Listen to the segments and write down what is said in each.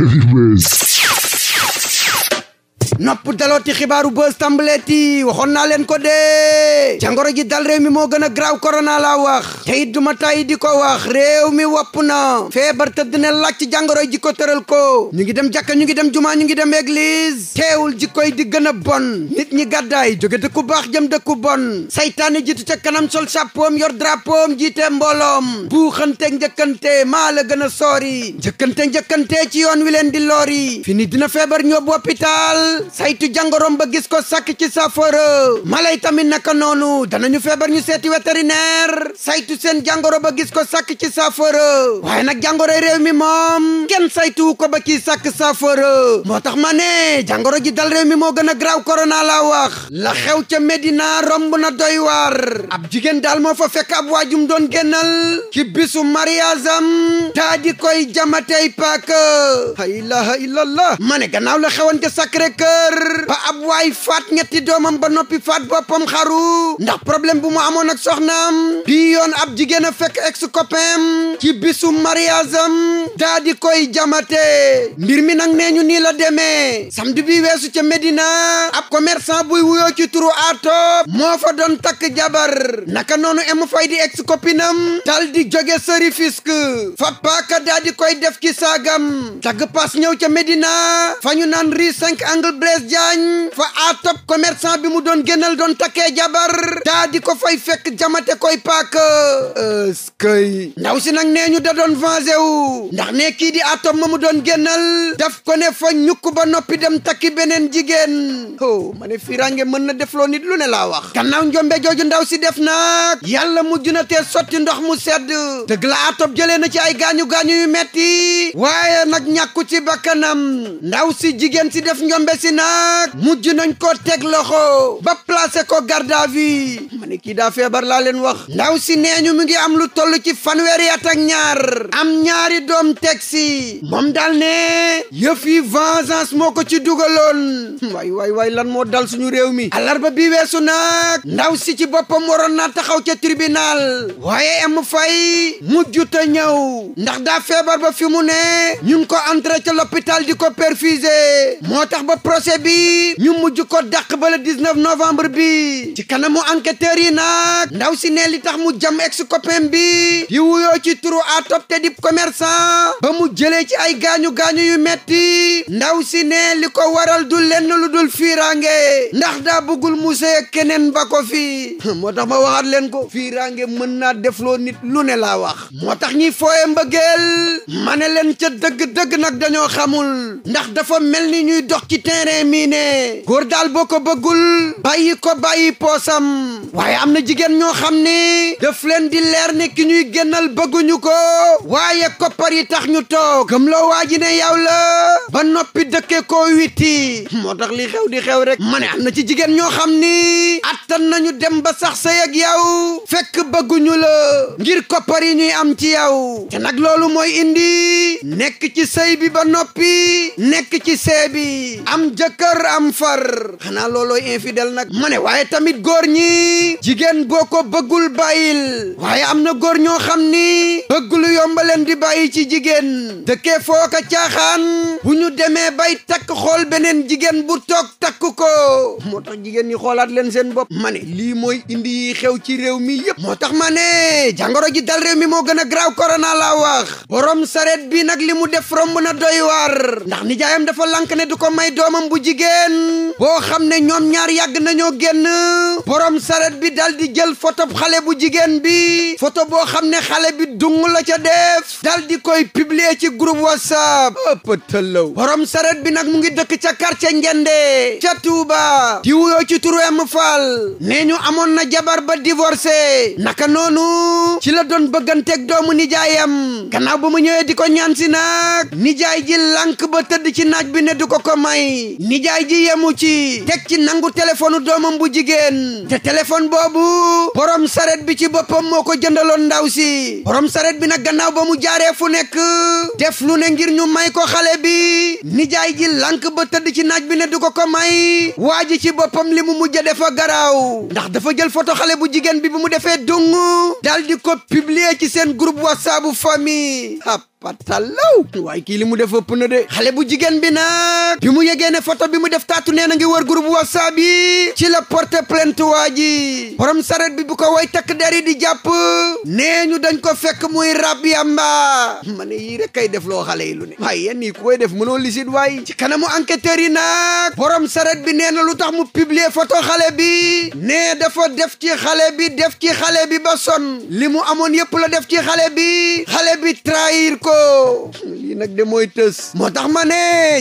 Anyways. nopp dalooti xibaaru bës tàmbaleeti waxoon naa leen ko dee jangoro ji dal réew mi moo gën a graaw korona laa wax te it duma tàyyi di ko wax réew mi wopp na feebar tëdd na laaj ci jangoro ji ko tëral ko ñu ngi dem jàkka ñu ngi dem jumaa ñu ngi dem église teewul jikko koy di gën a bon nit ñi gàddaay jóge dëkku baax jëm dëkku bon saytaane jiitu ca kanam sol chapeau am yor drapeau am jiite mbooloom buuxante njëkkante maa gën a soori njëkkante njëkkante ci yoon wi leen di loori fini dina feebar ñoo bu hôpital saytu jàngoroom ba gis ko sàkk ci saafara mala yi tamit naka noonu danañu feebar ñu seeti vétérinaire saytu seen jàngoro ba gis ko sàkk ci saafara waaye nag jàngoroy réew mi moom kenn saytu ko ba ci sàkk saafara moo tax ma ne jàngoro ji dal réew mi moo gën a graaw corona laa wax la xew ca Medina romb na doy ab jigéen daal moo fa fekk ab waajum doon génnal ci bisu mariage am daa di koy jamatey paak la ilaha illallah ma ne gannaaw la xewante sacré kër ba ab waay faat ñetti doomam ba noppi faat boppam xaru ndax problème bu mu amoon ak soxnaam bii yoon ab jigéen a fekk ex copain ci bisu mariage am daa di koy jamate mbir mi nag nee ñu nii la demee samedi bi weesu ca Medina ab commerçant buy wuyoo ci turu moo fa doon takk jabar naka noonu emu fay di ex copinam dal sëri fisk fa paaka daa koy def ci saagam tagg pas ñëw ca Medina fa naan ri 5 angle Blaise Diagne fa atop commerçant bi mu doon génnal doon takkee jabar daa di ko fay fekk jamate koy paak eskay ndaw si nag nee ñu da doon vengé wu ndax ne kii di atop ma mu doon génnal daf ko ne fa ñukk ba noppi dem takki beneen jigéen oh ma ne firange mën na defloo nit lu ne la wax gannaaw njombe jooju ndaw si def nag yàlla mujj na tee sotti ndox mu sedd dëgg la atop jëlee na ci ay gaañu-gaañu yu metti waaye nag ñàkku ci bakkanam ndaw si jigéen si def njombe si nag mujj nañ ko teg loxo ba placé ko garde à vue kii daa feebar laa leen wax ndaw si nee ñu mi ngi am lu toll ci fanweeri at ak ñaar am ñaari doom teg si moom daal ne yëf yi vengeance moo ko ci dugaloon waay way waay lan moo dal suñu réew mi ba bi weesu nag ndaw si ci boppam waroon na taxaw ca tribunal waaye am fay mujjuta ñëw ndax daa feebar ba fi mu ne ñu ko entré ca l'hôpital di ko perfusé moo tax ba procès bi ñu mujj ko dàq ba le 19 novembre bi ci kanamu enquêteurs yi nag ndaw si ne li tax mu jam ex copain bi di wuyoo ci turu atop te di commerçant ba mu jëlee ci ay gaañu-gaañu yu metti ndaw si ne li ko waral du lenn lu dul fiirange ndax daa bëggul mu sëy keneen ba ko fii moo tax ma waxaat leen ko fiirange mën naa def loo nit lu ne laa wax moo tax ñiy fooye mbëggeel ma ne leen ca dëgg-dëgg nag dañoo xamul ndax dafa mel ni ñuy dox ci terrain miine góor daal boo ko bëggul bàyyi ko bàyyi poosam waaye am na jigéen ñoo xam ni daf leen di leer ne ki ñuy génnal bëgguñu ko waaye koppar yi tax ñu toog gëm loo waa ji ne yow la ba noppi dëkkee koo witti moo tax li xew di xew rek ma ne am na ci jigéen ñoo xam ni attan nañu dem ba sax sëy ak yow fekk bëgguñu la ngir koppar yi ñuy am ci yow te nag loolu mooy indi nekk ci sëy bi ba noppi nekk ci see bi am jëkkër am far xanaa loolooy infidèle nag ma ne waaye tamit góor ñi jigéen boo ko bëggul bàyyil waaye am na góor ñoo xam ni bëgg lu yombaleen di bàyyi ci jigéen dëkkee foo ka caaxaan bu ñu demee bay takk xool beneen jigéen bu toog takk ko moo tax jigéen ñi xoolaat leen seen bopp ma ne lii mooy indi xew ci réew mi yëpp moo tax ma ne jàngoro ji dal réew mi moo gën a graaw korona la wax borom sareet bi nag li mu def romb na doy waar ndax nijaayam dafa lank ne doomam bu jigéen boo xam ne ñoom ñaar yàgg nañoo génn borom saret bi dal di jël photo xale bu jigéen bi photo boo xam ne xale bi dung la ca def dal di koy publier ci groupe whatsapp ëppatalaw borom saret bi nag mu ngi dëkk ca quartier Ngende ca Touba di wuyoo ci turu M Fall nee ñu amoon na jabar ba divorcé naka noonu ci la doon bëgganteeg doomu am gannaaw ba mu ñëwee di ko ñaan si nag nijaay ji lànk ba tëdd ci naaj bi ne du ko may nijaay ji yemu ci teg ci nangu téléphone doomam bu jigéen te téléphone boobu borom saret bi ci boppam moo ko jëndaloon ndaw si borom saret bi nag gannaaw ba mu jaaree fu nekk def lu ne ngir ñu may ko xale bi nijaay ji lank ba tëdd ci naaj bi ne du ko ko may waa ji ci boppam li mu mujj defa garaaw ndax dafa jël photo xale bu jigéen bi bu mu defee dung dal di ko publier ci seen groupe whatsapp bu famille patalaw waaye kii li mu def ëpp na de xale bu jigéen bi nag bi mu yegee ne photo bi mu def taatu ne na ngi wër groupe whatsapp bi ci la porte plainte waa ji borom saret bi bu ko way takk dari di jàpp nee ñu dañ ko fekk muy rab yamba ma ne yii rek kay def loo xale yi lu ne waaye yenn yi ku koy def mënoo lisit waay ci kanamu enquêteur yi nag borom saret bi nee na lu tax mu publier photo xale bi nee dafa def ci xale bi def ci xale bi ba son li mu amoon yëpp la def ci xale bi xale ko nag de mooy tës moo tax ma ne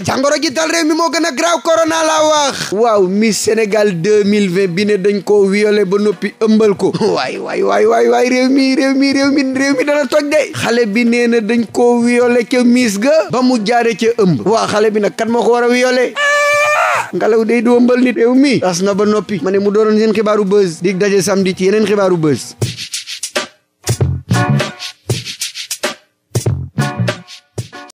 jàngoro ji dal réew mi moo gën a graaw corona laa wax waaw Miss Sénégal 2020 bi ne dañ koo violé ba noppi ëmbal ko waay waay waay waay waay réew mi réew mi réew mi réew mi dana toj de xale bi nee na dañ koo violé ca Miss ga ba mu jaare ca ëmb waa xale bi nag kan moo ko war a violé ngalaw day doo mbal nit réew mi tas na ba noppi ma ne mu doonoon seen xibaaru buzz dig daje samedi ci yeneen xibaaru buzz